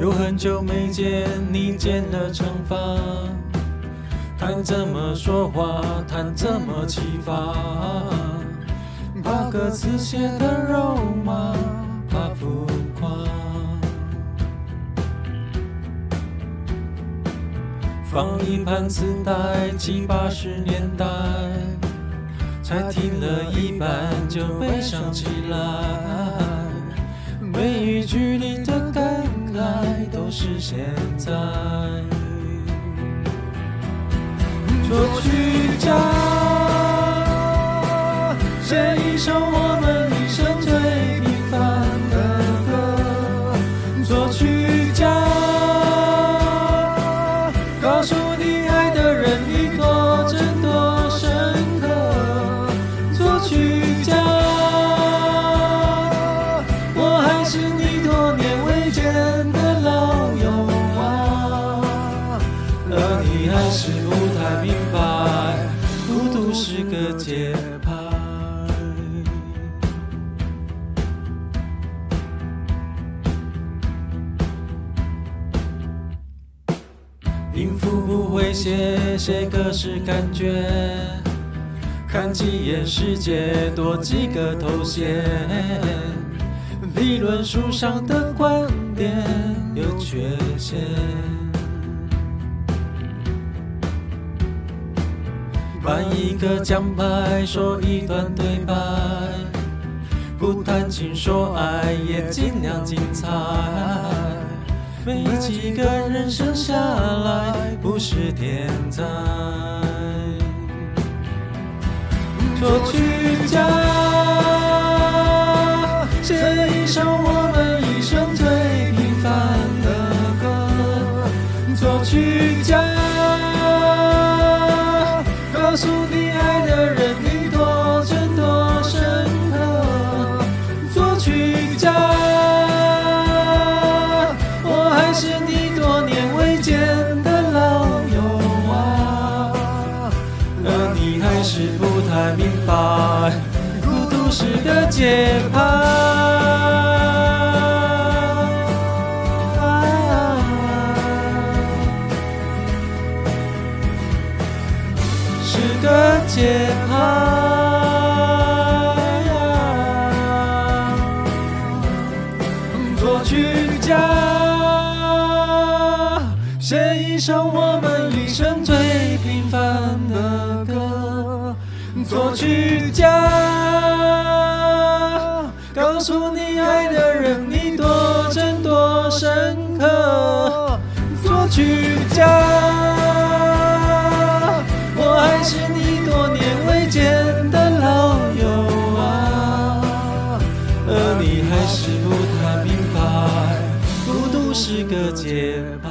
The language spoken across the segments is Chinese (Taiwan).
有很久沒見，你剪了長髮，談怎麼說話，談怎麼啟發，怕歌詞寫的肉麻，怕浮誇。放一盤磁帶，七八十年代，才聽了一半就悲傷起來，每一句你。愛都是現在，作曲家，寫一首我們。嗯寫歌是感覺，看幾眼世界，多幾個頭銜。理論書上的觀點有缺陷。頒一個獎牌，說一段對白，不談情說愛，也盡量精彩。沒幾個人生下來不是天才作曲家，才明白，孤獨時的節拍。作曲家，告訴你愛的人你多真多深刻。作曲家，我還是你多年未見的老友啊，而你還是不太明白，孤獨是個節。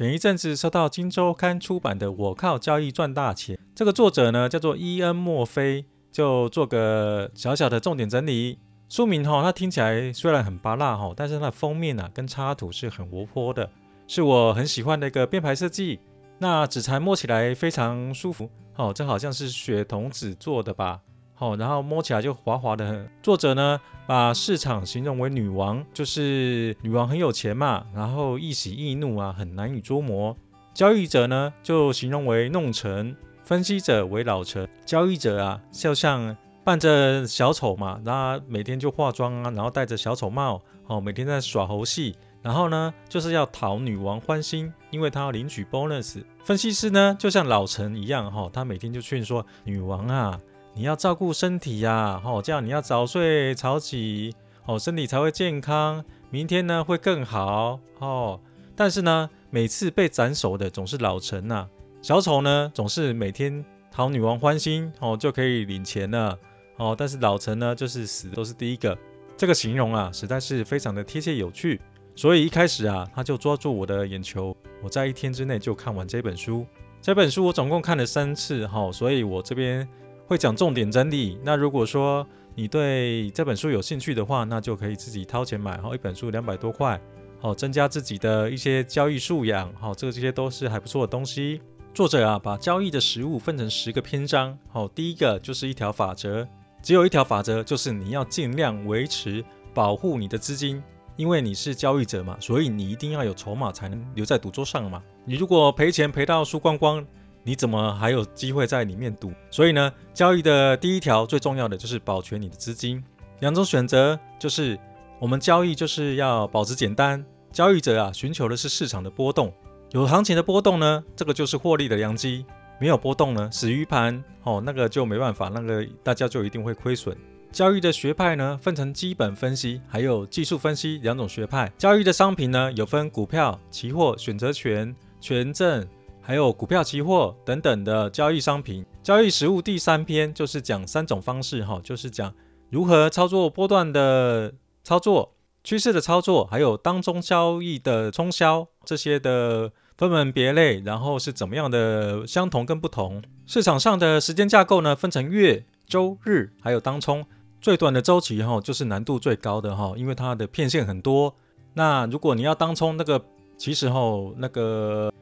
前一陣子收到《今周刊》出版的《我靠交易賺大錢》，這個作者呢叫做伊恩·莫菲，就做個小小的重點整理。書名哈、哦，它聽起來雖然很芭樂哈，但是它的封面呢、啊、跟插圖是很活潑的，是我很喜歡的一個編排設計。那紙材摸起來非常舒服，哦，這好像是雪銅紙做的吧。哦，然後摸起來就滑滑的很。很作者呢，把市場形容為女王，就是女王很有錢嘛，然後易喜易怒啊，很難以捉摸。交易者呢，就形容為弄臣，分析者為老臣。交易者啊，就像扮着小丑嘛，他每天就化妝啊，然後戴着小丑帽，哦，每天在耍猴戲。然後呢，就是要討女王歡心，因為他要領取 bonus。分析師呢，就像老臣一樣，哈、哦，他每天就勸說女王啊。你要照顧身體呀、啊，哦，這樣，你要早睡早起哦，身體才會健康。明天呢，會更好哦。但是呢，每次被斬首的總是老臣吶、啊，小丑呢總是每天討女王歡心哦，就可以領錢了哦。但是老臣呢，就是死都是第一個。這個形容啊，實在是非常的貼切有趣。所以一開始啊，他就抓住我的眼球。我在一天之內就看完這本書。這本書我總共看了三次哈、哦，所以我這邊。會講重點整理。那如果說你對這本書有興趣的話，那就可以自己掏錢買。好，一本書兩百多塊，好，增加自己的一些交易素養。好，這個這些都是還不錯的東西。作者啊，把交易的實務分成十個篇章。好，第一個就是一條法則，只有一條法則，就是你要盡量維持保護你的資金，因為你是交易者嘛，所以你一定要有籌碼才能留在賭桌上嘛。你如果賠錢賠到輸光光。你怎麼還有機會在裡面賭？所以呢，交易的第一條最重要的就是保全你的資金。兩種選擇就是，我們交易就是要保持簡單。交易者啊，尋求的是市場的波動。有行情的波動呢，這個就是獲利的良機；沒有波動呢，死魚盤哦，那個就沒辦法，那個大家就一定會虧損。交易的學派呢，分成基本分析還有技術分析兩種學派。交易的商品呢，有分股票、期貨、選擇權、權證。還有股票、期貨等等的交易商品、交易實務。第三篇就是講三種方式，哈，就是講如何操作波段的操作、趨勢的操作，還有當沖交易的沖銷這些的分門別類，然後是怎麼樣的相同跟不同。市場上的時間架構呢，分成月、周、日，還有當沖。最短的週期，哈，就是難度最高的哈，因為它的片線很多。那如果你要當沖，那個其實，哈，那個。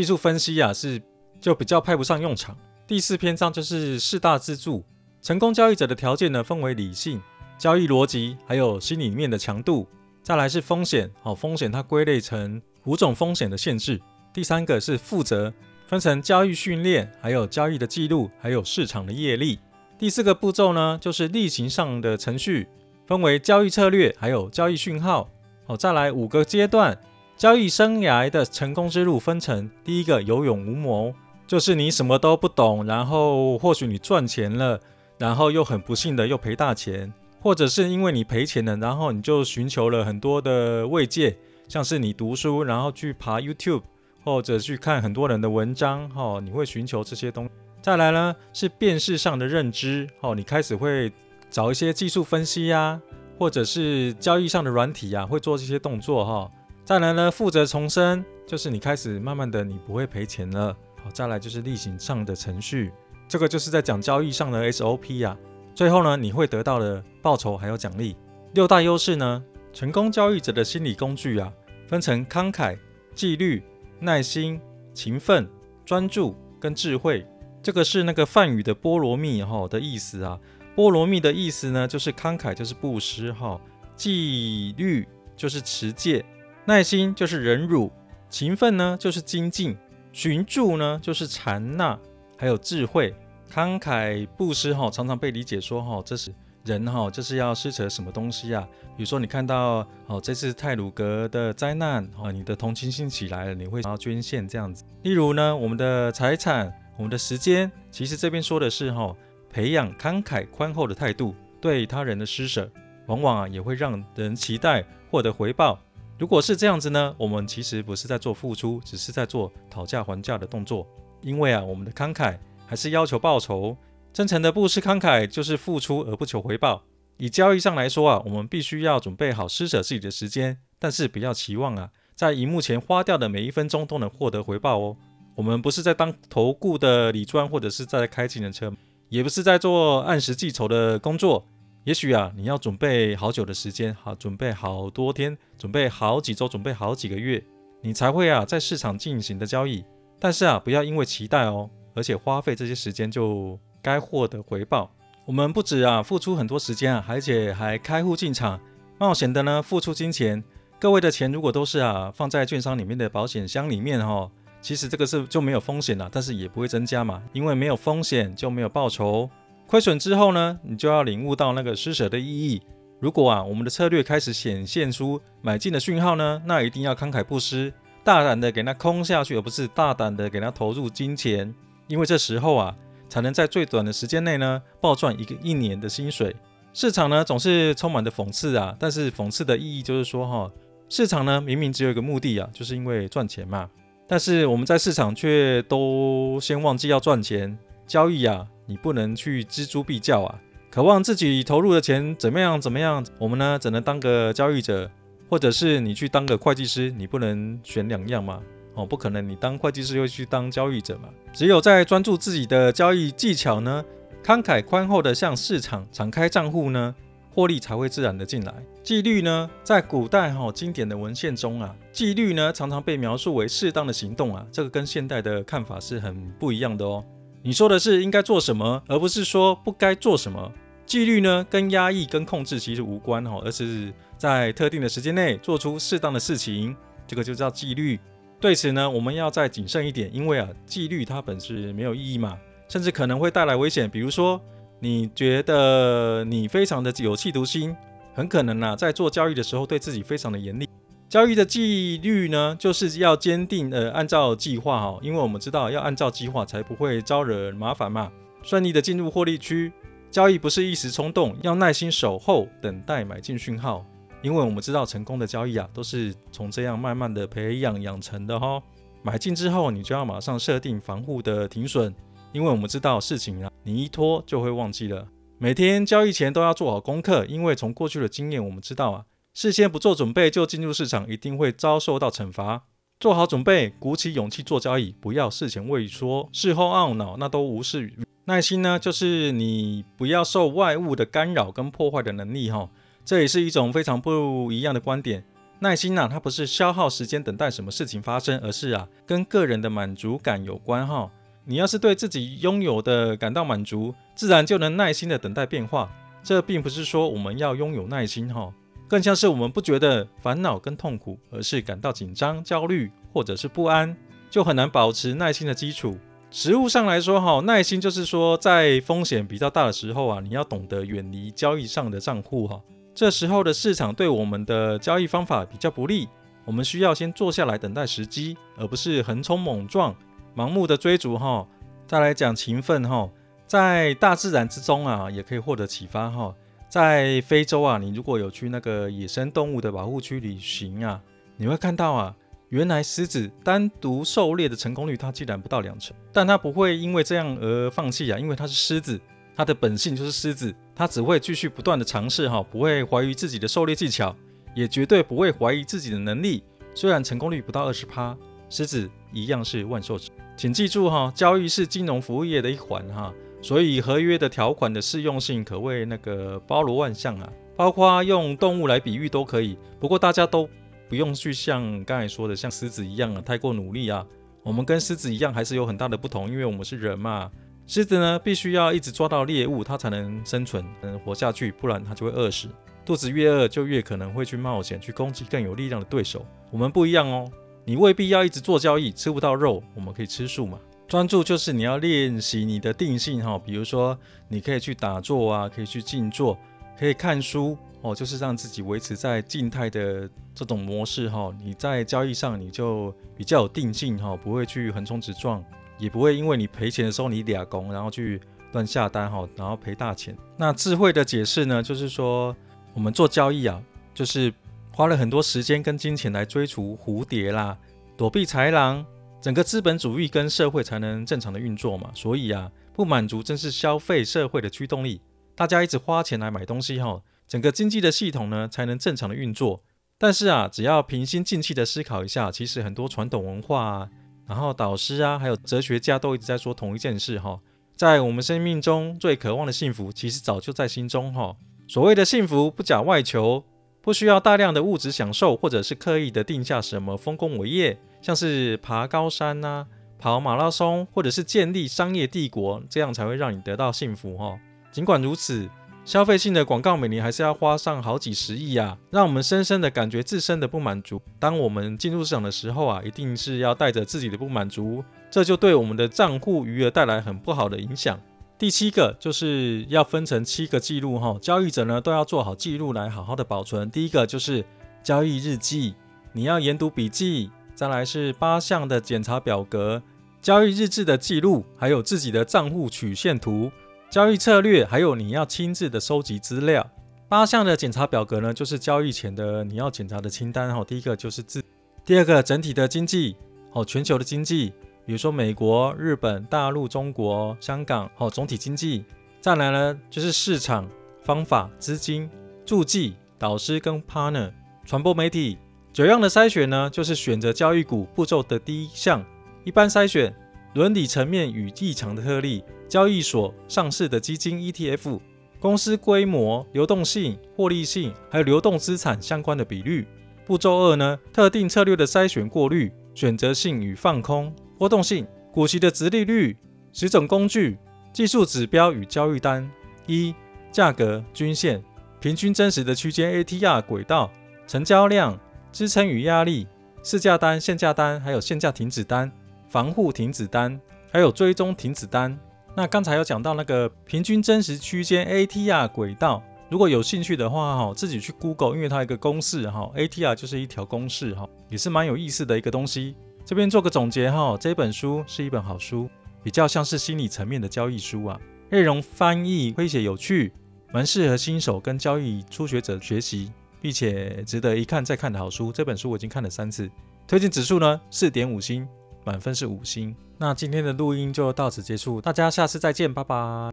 技術分析啊，是就比較派不上用場。第四篇章就是四大支柱，成功交易者的條件呢分為理性交易邏輯，還有心理面的強度，再來是風險哦，風險它歸類成五種風險的限制。第三個是負責，分成交易訓練，還有交易的記錄，還有市場的業力。第四個步驟呢就是例行上的程序，分為交易策略，還有交易訊號好、哦，再來五個階段。交易生涯的成功之路分成，第一個有勇無謀，就是你什麼都不懂，然後或許你賺錢了，然後又很不幸的又賠大錢，或者是因為你賠錢了，然後你就尋求了很多的慰藉，像是你讀書，然後去爬 YouTube，或者去看很多人的文章，哈，你會尋求這些東西。再來呢是辨識上的認知，哈，你開始會找一些技術分析呀、啊，或者是交易上的軟體呀、啊，會做這些動作，哈。再來呢，負責重生，就是你開始慢慢的，你不會賠錢了。好，再來就是例行上的程序，這個就是在講交易上的 SOP 啊。最後呢，你會得到的報酬還有獎勵。六大優勢呢，成功交易者的心理工具啊，分成慷慨、紀律、耐心、勤奮、專注跟智慧。這個是那個梵語的波羅蜜哈、哦、的意思啊。波羅蜜的意思呢，就是慷慨就是布施哈，紀律就是持戒。耐心就是忍辱，勤奮呢就是精進，專注呢就是禪那，還有智慧，慷慨布施哈、哦，常常被理解說哈、哦，這是人哈、哦、是要施捨什麼東西啊？比如說你看到哦這次太魯閣的災難、哦，你的同情心起來了，你會想要捐獻這樣子。例如呢，我們的財產，我們的時間，其實這邊說的是哈、哦，培養慷慨寬厚的態度，對他人的施捨，往往、啊、也會讓人期待獲得回報。如果是這樣子呢？我們其實不是在做付出，只是在做討價還價的動作。因為啊，我們的慷慨還是要求報酬。真誠的布施慷慨，就是付出而不求回報。以交易上來說啊，我們必須要準備好施舍自己的時間，但是不要期望啊，在熒幕前花掉的每一分鐘都能獲得回報哦。我們不是在當投顧的理專，或者是在開技能車，也不是在做按時計酬的工作。也許啊，你要準備好久的時間哈，準備好多天，準備好幾週，準備好幾個月，你才會啊在市場進行的交易。但是啊，不要因為期待哦，而且花費這些時間就該獲得回報。我們不止啊付出很多時間啊，而且還開戶進場冒險的呢，付出金錢。各位的錢如果都是啊放在券商裡面的保險箱裡面哈，其實這個是就沒有風險了，但是也不會增加嘛，因為沒有風險就沒有報酬。虧損之後呢，你就要領悟到那個施捨的意義。如果啊，我們的策略開始顯現出買進的訊號呢，那一定要慷慨布施，大膽的給它空下去，而不是大膽的給它投入金錢。因為這時候啊，才能在最短的時間內呢，暴賺一個一年的薪水。市場呢，總是充滿著諷刺啊，但是諷刺的意義就是說、哦，哈，市場呢，明明只有一個目的啊，就是因為賺錢嘛。但是我們在市場卻都先忘記要賺錢交易啊。你不能去錙銖必較啊！渴望自己投入的錢怎麼樣怎麼樣？我們呢，只能當個交易者，或者是你去當個會計師，你不能選兩樣嗎？哦，不可能，你當會計師又去當交易者嘛。只有在專注自己的交易技巧呢，慷慨寬厚的向市場敞開賬戶呢，獲利才會自然的進來。紀律呢，在古代哈、哦、經典的文獻中啊，紀律呢常常被描述為適當的行動啊，這個跟現代的看法是很不一樣的哦。你說的是應該做什麼，而不是說不該做什麼。紀律呢，跟壓抑、跟控制其實無關哈，而是在特定的時間內做出適當的事情，這個就叫紀律。對此呢，我們要再謹慎一點，因為啊，紀律它本身沒有意義嘛，甚至可能會帶來危險。比如說，你覺得你非常的有企圖心，很可能啊，在做交易的時候對自己非常的嚴厲。交易的紀律呢，就是要堅定的、呃、按照計劃哈、哦，因為我們知道要按照計劃才不會招惹麻煩嘛，順利的進入獲利區。交易不是一時衝動，要耐心守候，等待買進訊號。因為我們知道成功的交易啊，都是從這樣慢慢的培養養成的哈、哦。買進之後，你就要馬上設定防護的停損，因為我們知道事情啊，你一拖就會忘記了。每天交易前都要做好功課，因為從過去的經驗我們知道啊。事先不做準備就進入市場，一定會遭受到懲罰。做好準備，鼓起勇氣做交易，不要事前畏縮，事後懊惱，那都無事。耐心呢，就是你不要受外物的干擾跟破壞的能力哈。這也是一種非常不一樣的觀點。耐心呢、啊，它不是消耗時間等待什麼事情發生，而是啊，跟個人的滿足感有關哈。你要是對自己擁有的感到滿足，自然就能耐心的等待變化。這並不是說我們要擁有耐心哈。更像是我們不覺得煩惱跟痛苦，而是感到緊張、焦慮或者是不安，就很難保持耐心的基礎。實務上來說，哈，耐心就是說，在風險比較大的時候啊，你要懂得遠離交易上的賬戶，哈，這時候的市場對我們的交易方法比較不利，我們需要先坐下來等待時機，而不是橫衝猛撞、盲目的追逐，哈。再來講勤奮，哈，在大自然之中啊，也可以獲得啟發，哈。在非洲啊，你如果有去那個野生動物的保護區旅行啊，你會看到啊，原來獅子單獨狩獵的成功率它竟然不到兩成，但它不會因為這樣而放棄啊，因為它是獅子，它的本性就是獅子，它只會繼續不斷的嘗試哈，不會懷疑自己的狩獵技巧，也絕對不會懷疑自己的能力，雖然成功率不到二十趴，獅子一樣是萬獸之。請記住哈、啊，交易是金融服務業的一環哈、啊。所以合約的條款的適用性可謂那個包羅萬象啊，包括用動物來比喻都可以。不過大家都不用去像剛才說的像獅子一樣啊，太過努力啊。我們跟獅子一樣還是有很大的不同，因為我們是人嘛。獅子呢必須要一直抓到獵物，它才能生存，能活下去，不然它就會餓死。肚子越餓就越可能會去冒險，去攻擊更有力量的對手。我們不一樣哦，你未必要一直做交易，吃不到肉，我們可以吃素嘛。專注就是你要練習你的定性哈，比如說你可以去打坐啊，可以去靜坐，可以看書哦，就是讓自己維持在靜態的這種模式哈，你在交易上你就比較有定性哈，不會去橫衝直撞，也不會因為你賠錢的時候你倆工，然後去亂下單哈，然後賠大錢。那智慧的解釋呢，就是說我們做交易啊，就是花了很多時間跟金錢來追逐蝴蝶啦，躲避豺狼。整個資本主義跟社會才能正常的運作嘛，所以啊，不滿足正是消費社會的驅動力，大家一直花錢來買東西哈、哦，整個經濟的系統呢才能正常的運作。但是啊，只要平心靜氣的思考一下，其實很多傳統文化啊，然後導師啊，還有哲學家都一直在說同一件事哈、哦，在我們生命中最渴望的幸福，其實早就在心中哈、哦。所謂的幸福，不假外求。不需要大量的物質享受，或者是刻意的定下什麼豐功偉業，像是爬高山吶、啊、跑馬拉松，或者是建立商業帝國，這樣才會讓你得到幸福哈、哦。儘管如此，消費性的廣告每年還是要花上好幾十億啊，讓我們深深的感覺自身的不滿足。當我們進入市場的時候啊，一定是要帶着自己的不滿足，這就對我們的賬戶餘額帶來很不好的影響。第七個就是要分成七個記錄哈，交易者呢都要做好記錄來好好的保存。第一個就是交易日記，你要研讀筆記，再來是八項的檢查表格、交易日誌的記錄，還有自己的賬戶曲線圖、交易策略，還有你要親自的收集資料。八項的檢查表格呢，就是交易前的你要檢查的清單哈。第一個就是自，第二個整體的經濟哦，全球的經濟。比如說美國、日本、大陸、中國、香港，好、哦，總體經濟。再來呢，就是市場方法、資金、助記導師跟 partner、傳播媒體，九樣的篩選呢，就是選擇交易股步驟的第一項，一般篩選倫理層面與異常的特例，交易所上市的基金 ETF、公司規模、流動性、獲利性，還有流動資產相關的比率。步驟二呢，特定策略的篩選過濾、選擇性與放空。波動性、股息的殖利率、十種工具、技術指標與交易單：一、價格均線、平均真實的區間 （ATR） 軌道、成交量、支撐與壓力、市價單、限價單，還有限價停止單、防護停止單，還有追蹤停止單。那剛才有講到那個平均真實區間 （ATR） 軌道，如果有興趣的話，哈，自己去 Google，因為它一個公式，哈，ATR 就是一條公式，哈，也是蠻有意思的一個東西。這邊做個總結哈，這本書是一本好書，比較像是心理層面的交易書啊，內容翻譯詼諧有趣，蠻適合新手跟交易初學者學習，並且值得一看再看的好書。這本書我已經看了三次，推薦指數呢，四點五星，滿分是五星。那今天的錄音就到此結束，大家下次再見，拜拜。